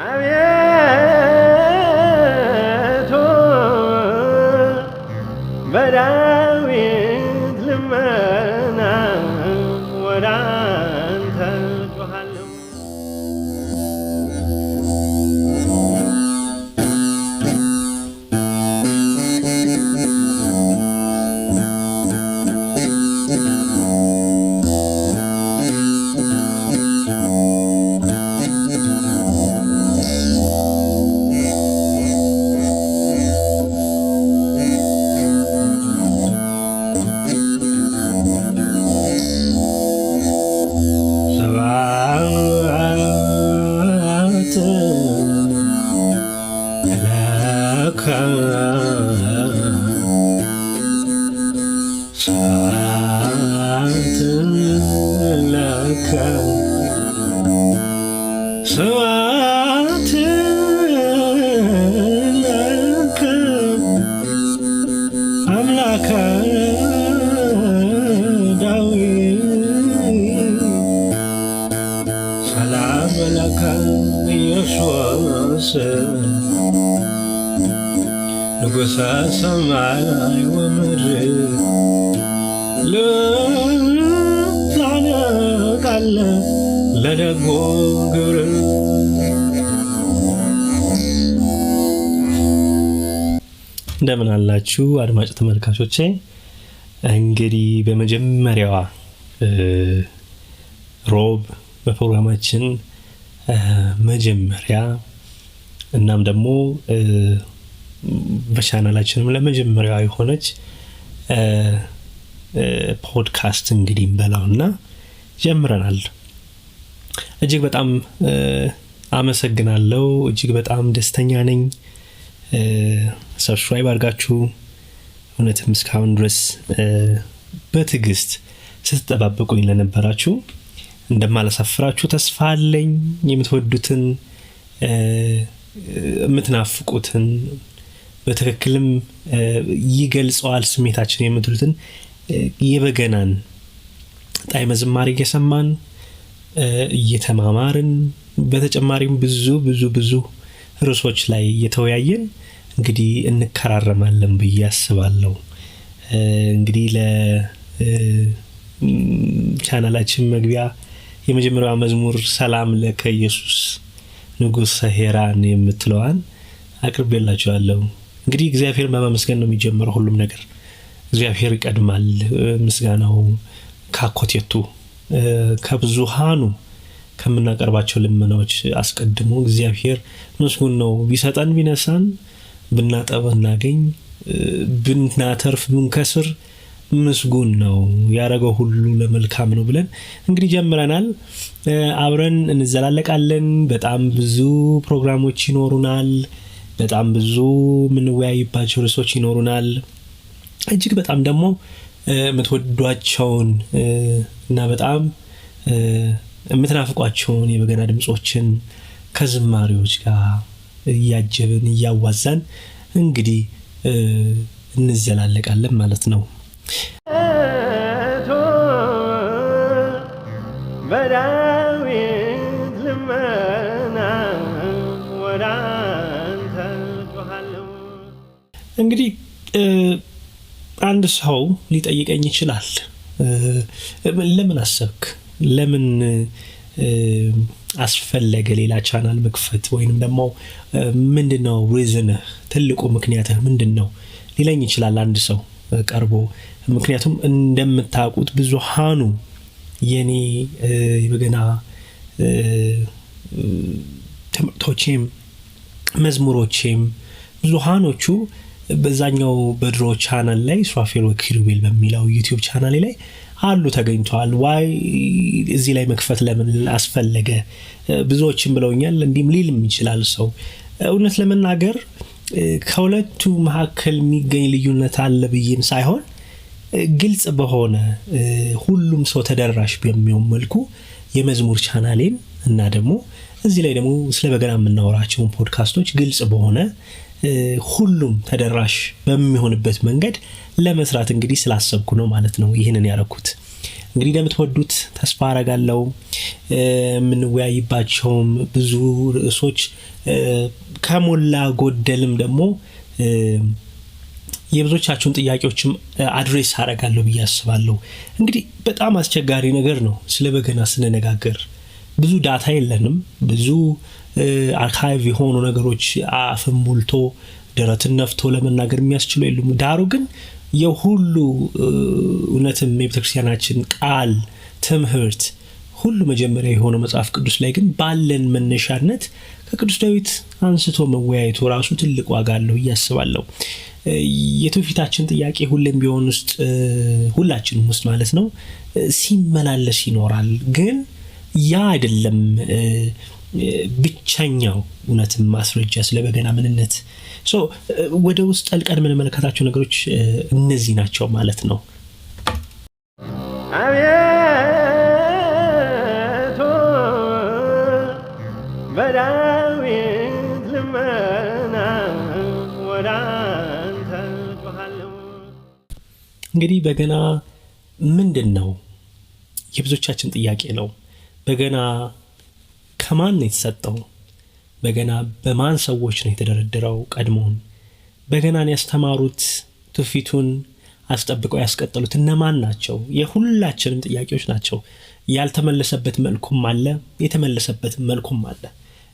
Ah, bien. ስዋት አምላከ ዳዊት ሰላም ለከ ኢየሱስ ንጉሠ ሰማይ ወምድር ልታነቃለ ለደጎ ግብር እንደምን አላችሁ አድማጭ ተመልካቾቼ። እንግዲህ በመጀመሪያዋ ሮብ በፕሮግራማችን መጀመሪያ እናም ደግሞ በቻናላችንም ለመጀመሪያዋ የሆነች ፖድካስት እንግዲህ እንበላውና ጀምረናል። እጅግ በጣም አመሰግናለሁ። እጅግ በጣም ደስተኛ ነኝ። ሰብስክራይብ አድርጋችሁ እውነትም እስካሁን ድረስ በትዕግስት ስትጠባበቁኝ ለነበራችሁ እንደማላሳፍራችሁ ተስፋ አለኝ። የምትወዱትን የምትናፍቁትን በትክክልም ይገልጸዋል ስሜታችን የምትሉትን የበገናን ጣይመ ዝማሬ እየሰማን እየተማማርን በተጨማሪም ብዙ ብዙ ብዙ ርዕሶች ላይ እየተወያየን እንግዲህ እንከራረማለን ብዬ አስባለሁ። እንግዲህ ለቻናላችን መግቢያ የመጀመሪያዋ መዝሙር ሰላም ለከ ኢየሱስ ንጉሠ የምትለዋን የምትለዋን አቅርቤላችኋለሁ። እንግዲህ እግዚአብሔርን በማመስገን ነው የሚጀምረው ሁሉም ነገር። እግዚአብሔር ይቀድማል ምስጋናው ካኮቴቱ ከብዙሃኑ ከምናቀርባቸው ልመናዎች አስቀድሞ እግዚአብሔር ምስጉን ነው። ቢሰጠን ቢነሳን፣ ብናጠብ እናገኝ ብናተርፍ ብንከስር ምስጉን ነው ያደረገው ሁሉ ለመልካም ነው ብለን እንግዲህ ጀምረናል። አብረን እንዘላለቃለን። በጣም ብዙ ፕሮግራሞች ይኖሩናል። በጣም ብዙ የምንወያይባቸው ርዕሶች ይኖሩናል። እጅግ በጣም ደግሞ የምትወዷቸውን እና በጣም የምትናፍቋቸውን የበገና ድምፆችን ከዝማሪዎች ጋር እያጀብን እያዋዛን እንግዲህ እንዘላለቃለን ማለት ነው። እንግዲህ አንድ ሰው ሊጠይቀኝ ይችላል፣ ለምን አሰብክ? ለምን አስፈለገ ሌላ ቻናል መክፈት? ወይንም ደግሞ ምንድን ነው ሪዝንህ? ትልቁ ምክንያትህ ምንድን ነው ሊለኝ ይችላል አንድ ሰው ቀርቦ። ምክንያቱም እንደምታውቁት ብዙሃኑ የኔ የበገና ትምህርቶቼም መዝሙሮቼም ብዙሃኖቹ በዛኛው በድሮ ቻናል ላይ ሱራፌል ወኪሩቤል በሚለው ዩቲዩብ ቻናሌ ላይ አሉ ተገኝተዋል። ዋይ እዚህ ላይ መክፈት ለምን አስፈለገ? ብዙዎችም ብለውኛል። እንዲህም ሊልም ይችላል ሰው እውነት ለመናገር ከሁለቱ መካከል የሚገኝ ልዩነት አለ ብዬም ሳይሆን ግልጽ በሆነ ሁሉም ሰው ተደራሽ በሚሆን መልኩ የመዝሙር ቻናሌን እና ደግሞ እዚህ ላይ ደግሞ ስለ በገና የምናወራቸውን ፖድካስቶች ግልጽ በሆነ ሁሉም ተደራሽ በሚሆንበት መንገድ ለመስራት እንግዲህ ስላሰብኩ ነው ማለት ነው ይህንን ያረኩት። እንግዲህ ለምትወዱት ተስፋ አረጋለው። የምንወያይባቸውም ብዙ ርዕሶች ከሞላ ጎደልም ደግሞ የብዙቻችሁን ጥያቄዎችም አድሬስ አረጋለሁ ብዬ አስባለሁ። እንግዲህ በጣም አስቸጋሪ ነገር ነው ስለ በገና ስንነጋገር ብዙ ዳታ የለንም፣ ብዙ አርካይቭ የሆኑ ነገሮች አፍን ሞልቶ ደረትን ነፍቶ ለመናገር የሚያስችሉ የሉም። ዳሩ ግን የሁሉ እውነትም የቤተክርስቲያናችን ቃል ትምህርት ሁሉ መጀመሪያ የሆነው መጽሐፍ ቅዱስ ላይ ግን ባለን መነሻነት ከቅዱስ ዳዊት አንስቶ መወያየቱ ራሱ ትልቅ ዋጋ አለው እያስባለሁ። የትውፊታችን ጥያቄ ሁሌም ቢሆን ውስጥ ሁላችንም ውስጥ ማለት ነው ሲመላለስ ይኖራል። ግን ያ አይደለም ብቸኛው እውነትም ማስረጃ ስለ በገና ምንነት ወደ ውስጥ ጠልቀን የምንመለከታቸው ነገሮች እነዚህ ናቸው ማለት ነው። አቤቱ በዳዊት ልመና ወደ አንተ እንግዲህ በገና ምንድን ነው? የብዙዎቻችን ጥያቄ ነው። በገና ከማን ነው የተሰጠው? በገና በማን ሰዎች ነው የተደረደረው? ቀድሞውን በገናን ያስተማሩት ትውፊቱን አስጠብቀው ያስቀጠሉት እነማን ናቸው? የሁላችንም ጥያቄዎች ናቸው። ያልተመለሰበት መልኩም አለ፣ የተመለሰበት መልኩም አለ።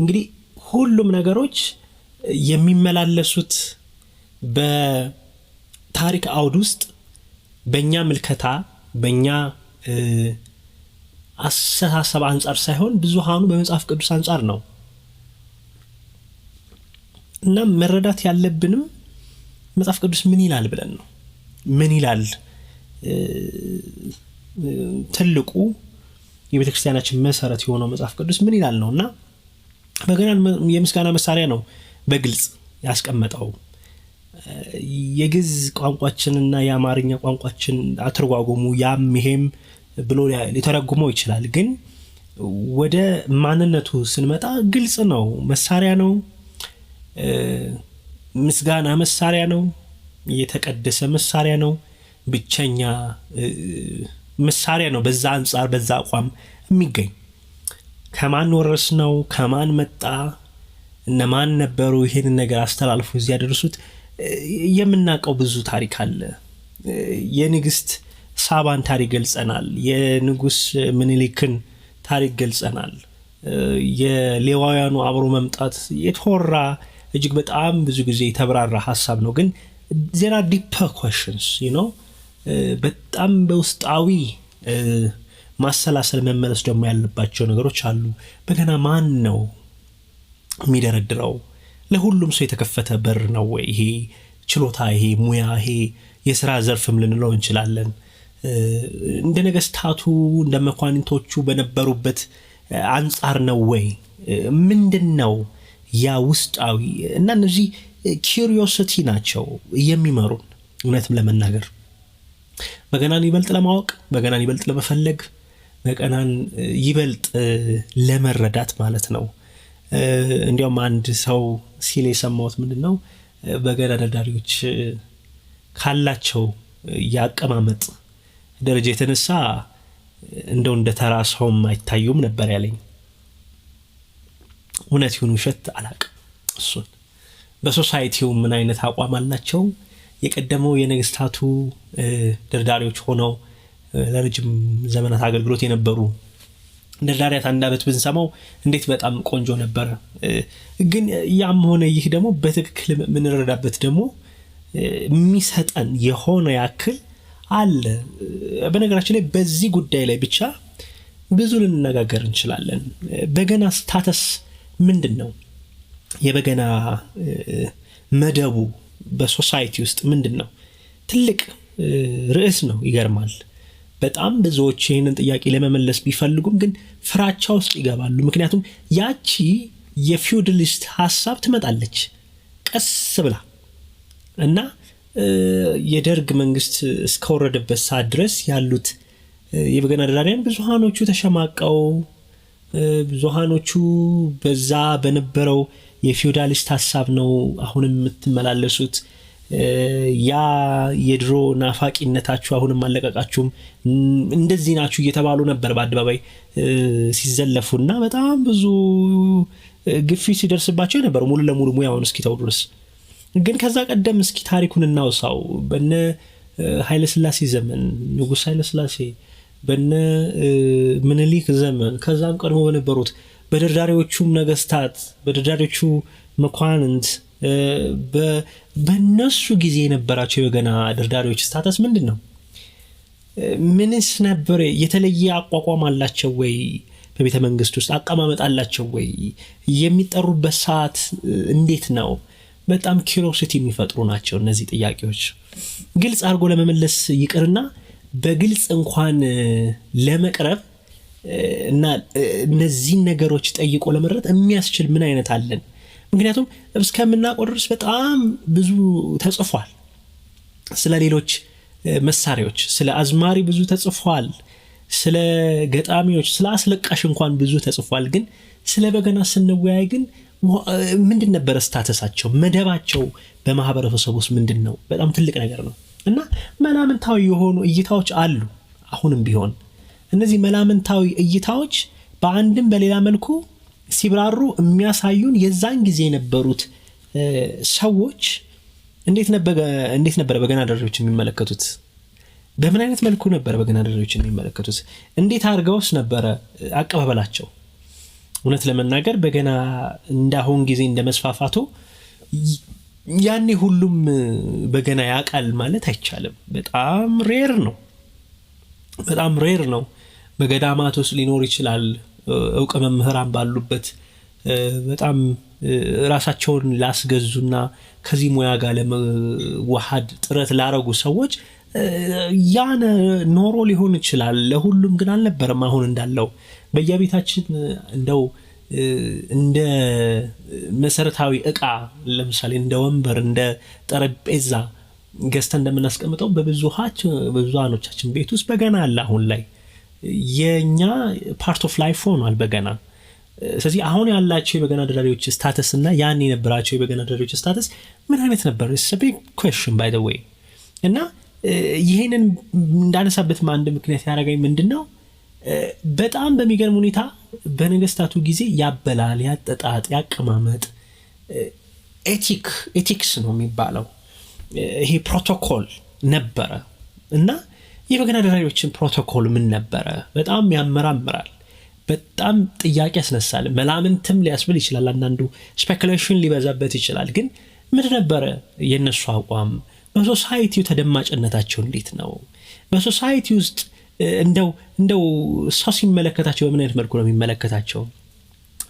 እንግዲህ ሁሉም ነገሮች የሚመላለሱት በታሪክ አውድ ውስጥ በእኛ ምልከታ በእኛ አስተሳሰብ አንጻር ሳይሆን ብዙሃኑ በመጽሐፍ ቅዱስ አንጻር ነው እና መረዳት ያለብንም መጽሐፍ ቅዱስ ምን ይላል ብለን ነው። ምን ይላል ትልቁ የቤተ ክርስቲያናችን መሰረት የሆነው መጽሐፍ ቅዱስ ምን ይላል ነው እና በገናን የምስጋና መሳሪያ ነው በግልጽ ያስቀመጠው። የግዝ ቋንቋችንና የአማርኛ ቋንቋችን አተርጓጎሙ ያም ይሄም ብሎ ሊተረጉመው ይችላል። ግን ወደ ማንነቱ ስንመጣ ግልጽ ነው። መሳሪያ ነው፣ ምስጋና መሳሪያ ነው፣ የተቀደሰ መሳሪያ ነው፣ ብቸኛ መሳሪያ ነው። በዛ አንጻር በዛ አቋም የሚገኝ ከማን ወረስ ነው፣ ከማን መጣ፣ እነማን ነበሩ ይህንን ነገር አስተላልፎ እዚያ ደርሱት የምናውቀው ብዙ ታሪክ አለ የንግስት ሳባን ታሪክ ገልጸናል። የንጉስ ምኒልክን ታሪክ ገልጸናል። የሌዋውያኑ አብሮ መምጣት የተወራ እጅግ በጣም ብዙ ጊዜ የተብራራ ሀሳብ ነው። ግን ዜና ዲፐ ኮሽንስ ነው። በጣም በውስጣዊ ማሰላሰል መመለስ ደግሞ ያለባቸው ነገሮች አሉ። በገና ማን ነው የሚደረድረው? ለሁሉም ሰው የተከፈተ በር ነው ወይ? ይሄ ችሎታ፣ ይሄ ሙያ፣ ይሄ የስራ ዘርፍም ልንለው እንችላለን። እንደ ነገስታቱ እንደ መኳንንቶቹ በነበሩበት አንጻር ነው ወይ? ምንድን ነው ያ ውስጣዊ እና እነዚህ ኪሪዮሲቲ ናቸው የሚመሩን እውነትም ለመናገር በገናን ይበልጥ ለማወቅ በገናን ይበልጥ ለመፈለግ በገናን ይበልጥ ለመረዳት ማለት ነው። እንዲያውም አንድ ሰው ሲል የሰማሁት ምንድን ነው በገና ደርዳሪዎች ካላቸው ያቀማመጥ ደረጃ የተነሳ እንደው እንደ ተራ ሰውም አይታዩም ነበር ያለኝ። እውነት ይሁን ውሸት አላቅም። እሱን በሶሳይቲው ምን አይነት አቋም አላቸው? የቀደመው የነገስታቱ ደርዳሪዎች ሆነው ለረጅም ዘመናት አገልግሎት የነበሩ ደርዳሪያት አንዳበት ብንሰማው እንዴት በጣም ቆንጆ ነበረ። ግን ያም ሆነ ይህ ደግሞ በትክክል የምንረዳበት ደግሞ የሚሰጠን የሆነ ያክል አለ። በነገራችን ላይ በዚህ ጉዳይ ላይ ብቻ ብዙ ልንነጋገር እንችላለን። በገና ስታተስ ምንድን ነው? የበገና መደቡ በሶሳይቲ ውስጥ ምንድን ነው? ትልቅ ርዕስ ነው። ይገርማል። በጣም ብዙዎች ይህንን ጥያቄ ለመመለስ ቢፈልጉም ግን ፍራቻ ውስጥ ይገባሉ። ምክንያቱም ያቺ የፊውድሊስት ሀሳብ ትመጣለች ቀስ ብላ እና የደርግ መንግስት እስከወረደበት ሰዓት ድረስ ያሉት የበገና ደራሪያን ብዙሃኖቹ ተሸማቀው ብዙሃኖቹ በዛ በነበረው የፊውዳሊስት ሀሳብ ነው አሁንም የምትመላለሱት ያ የድሮ ናፋቂነታችሁ አሁንም አለቀቃችሁም፣ እንደዚህ ናችሁ እየተባሉ ነበር በአደባባይ ሲዘለፉ እና በጣም ብዙ ግፊት ሲደርስባቸው የነበሩ ሙሉ ለሙሉ ሙያውን እስኪተው ድረስ ግን ከዛ ቀደም እስኪ ታሪኩን እናውሳው። በነ ኃይለስላሴ ዘመን ንጉስ ኃይለስላሴ በነ ምንሊክ ዘመን ከዛም ቀድሞ በነበሩት በደርዳሪዎቹም ነገስታት በደርዳሪዎቹ መኳንንት በነሱ ጊዜ የነበራቸው የበገና ደርዳሪዎች ስታተስ ምንድን ነው? ምንስ ነበር? የተለየ አቋቋም አላቸው ወይ? በቤተ መንግስት ውስጥ አቀማመጥ አላቸው ወይ? የሚጠሩበት ሰዓት እንዴት ነው? በጣም ኪሮሲቲ የሚፈጥሩ ናቸው እነዚህ ጥያቄዎች። ግልጽ አድርጎ ለመመለስ ይቅርና በግልጽ እንኳን ለመቅረብ እና እነዚህን ነገሮች ጠይቆ ለመረጥ የሚያስችል ምን አይነት አለን? ምክንያቱም እስከምናቆ ድረስ በጣም ብዙ ተጽፏል። ስለ ሌሎች መሳሪያዎች፣ ስለ አዝማሪ ብዙ ተጽፏል። ስለ ገጣሚዎች፣ ስለ አስለቃሽ እንኳን ብዙ ተጽፏል። ግን ስለ በገና ስንወያይ ግን ምንድን ነበረ ስታተሳቸው መደባቸው በማህበረሰብ ውስጥ ምንድን ነው? በጣም ትልቅ ነገር ነው እና መላምንታዊ የሆኑ እይታዎች አሉ። አሁንም ቢሆን እነዚህ መላምንታዊ እይታዎች በአንድም በሌላ መልኩ ሲብራሩ የሚያሳዩን የዛን ጊዜ የነበሩት ሰዎች እንዴት ነበረ በገና ደሪዎች የሚመለከቱት? በምን አይነት መልኩ ነበረ በገና ደሪዎች የሚመለከቱት? እንዴት አድርገውስ ነበረ አቀባበላቸው? እውነት ለመናገር በገና እንዳሁን ጊዜ እንደመስፋፋቱ ያኔ ሁሉም በገና ያውቃል ማለት አይቻልም። በጣም ሬር ነው፣ በጣም ሬር ነው። በገዳማት ውስጥ ሊኖር ይችላል። እውቅ መምህራን ባሉበት በጣም ራሳቸውን ላስገዙና ከዚህ ሙያ ጋር ለመዋሃድ ጥረት ላረጉ ሰዎች ያነ ኖሮ ሊሆን ይችላል። ለሁሉም ግን አልነበረም አሁን እንዳለው በየቤታችን እንደው እንደ መሰረታዊ እቃ ለምሳሌ እንደ ወንበር፣ እንደ ጠረጴዛ ገዝተ እንደምናስቀምጠው በብዙሃኖቻችን ቤት ውስጥ በገና አለ። አሁን ላይ የእኛ ፓርት ኦፍ ላይፍ ሆኗል በገና። ስለዚህ አሁን ያላቸው የበገና ደዳሪዎች ስታተስ እና ያን የነበራቸው የበገና ደዳሪዎች ስታተስ ምን አይነት ነበር? ቢግ ኩዌስችን ባይ ዘ እና ይህንን እንዳነሳበት አንድ ምክንያት ያደረገኝ ምንድን ነው በጣም በሚገርም ሁኔታ በነገስታቱ ጊዜ ያበላል፣ ያጠጣጥ፣ ያቀማመጥ ኤቲክ ኤቲክስ ነው የሚባለው ይሄ ፕሮቶኮል ነበረ እና የበገና ደራጆችን ፕሮቶኮል ምን ነበረ? በጣም ያመራምራል። በጣም ጥያቄ ያስነሳል። መላምንትም ሊያስብል ይችላል። አንዳንዱ ስፔኩሌሽን ሊበዛበት ይችላል። ግን ምን ነበረ የእነሱ አቋም? በሶሳይቲ ተደማጭነታቸው እንዴት ነው? በሶሳይቲ ውስጥ እንደው እንደው ሰው ሲመለከታቸው በምን አይነት መልኩ ነው የሚመለከታቸው?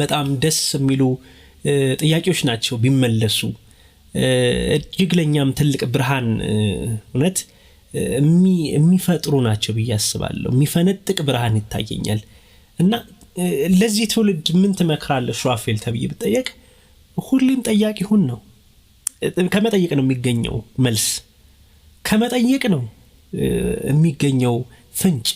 በጣም ደስ የሚሉ ጥያቄዎች ናቸው ቢመለሱ እጅግ ለእኛም ትልቅ ብርሃን እውነት የሚፈጥሩ ናቸው ብዬ አስባለሁ። የሚፈነጥቅ ብርሃን ይታየኛል እና ለዚህ ትውልድ ምን ትመክራለ ሹራፌል ተብዬ ብጠየቅ ሁሌም ጠያቂ ሁን ነው። ከመጠየቅ ነው የሚገኘው መልስ፣ ከመጠየቅ ነው የሚገኘው ፍንጭ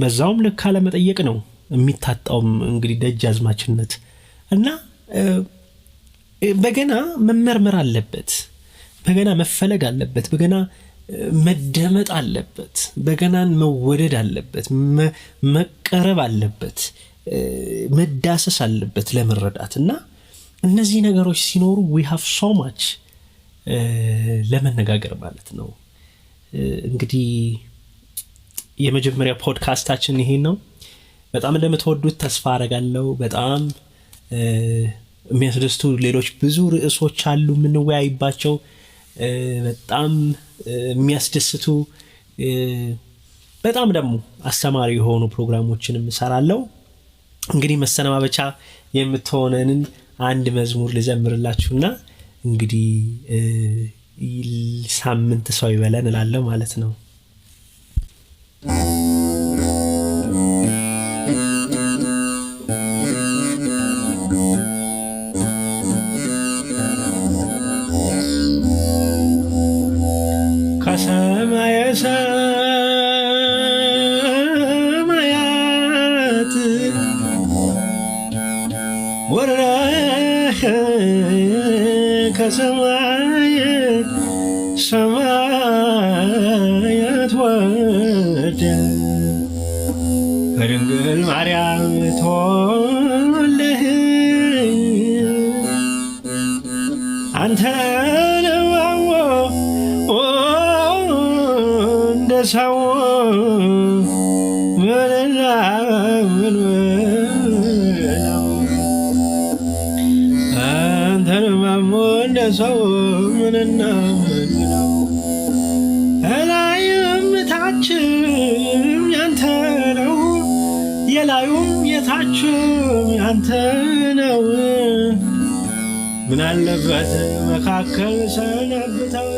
በዛውም ልክ አለመጠየቅ ነው የሚታጣውም እንግዲህ አዝማችነት እና በገና መመርመር አለበት። በገና መፈለግ አለበት። በገና መደመጥ አለበት። በገናን መወደድ አለበት። መቀረብ አለበት። መዳሰስ አለበት ለመረዳት እና እነዚህ ነገሮች ሲኖሩ ዊ ሶማች ለመነጋገር ማለት ነው እንግዲህ የመጀመሪያ ፖድካስታችን ይሄን ነው። በጣም እንደምትወዱት ተስፋ አረጋለው በጣም የሚያስደስቱ ሌሎች ብዙ ርዕሶች አሉ የምንወያይባቸው በጣም የሚያስደስቱ በጣም ደግሞ አስተማሪ የሆኑ ፕሮግራሞችን እሰራለሁ። እንግዲህ መሰነባበቻ የምትሆነንን አንድ መዝሙር ልዘምርላችሁና እንግዲህ ሳምንት ሰው ይበለን እላለው ማለት ነው። ከሰማየ ሰማያት ወረድክ ከሰማይ ሰው ምንና ምን አንተን ማሞ እንደ ሰው ምንና ምን እላይም ታችም ያንተ ነው፣ የላዩም የታችም ያንተ ነው። ምን አለበት መካከል ሰነብተው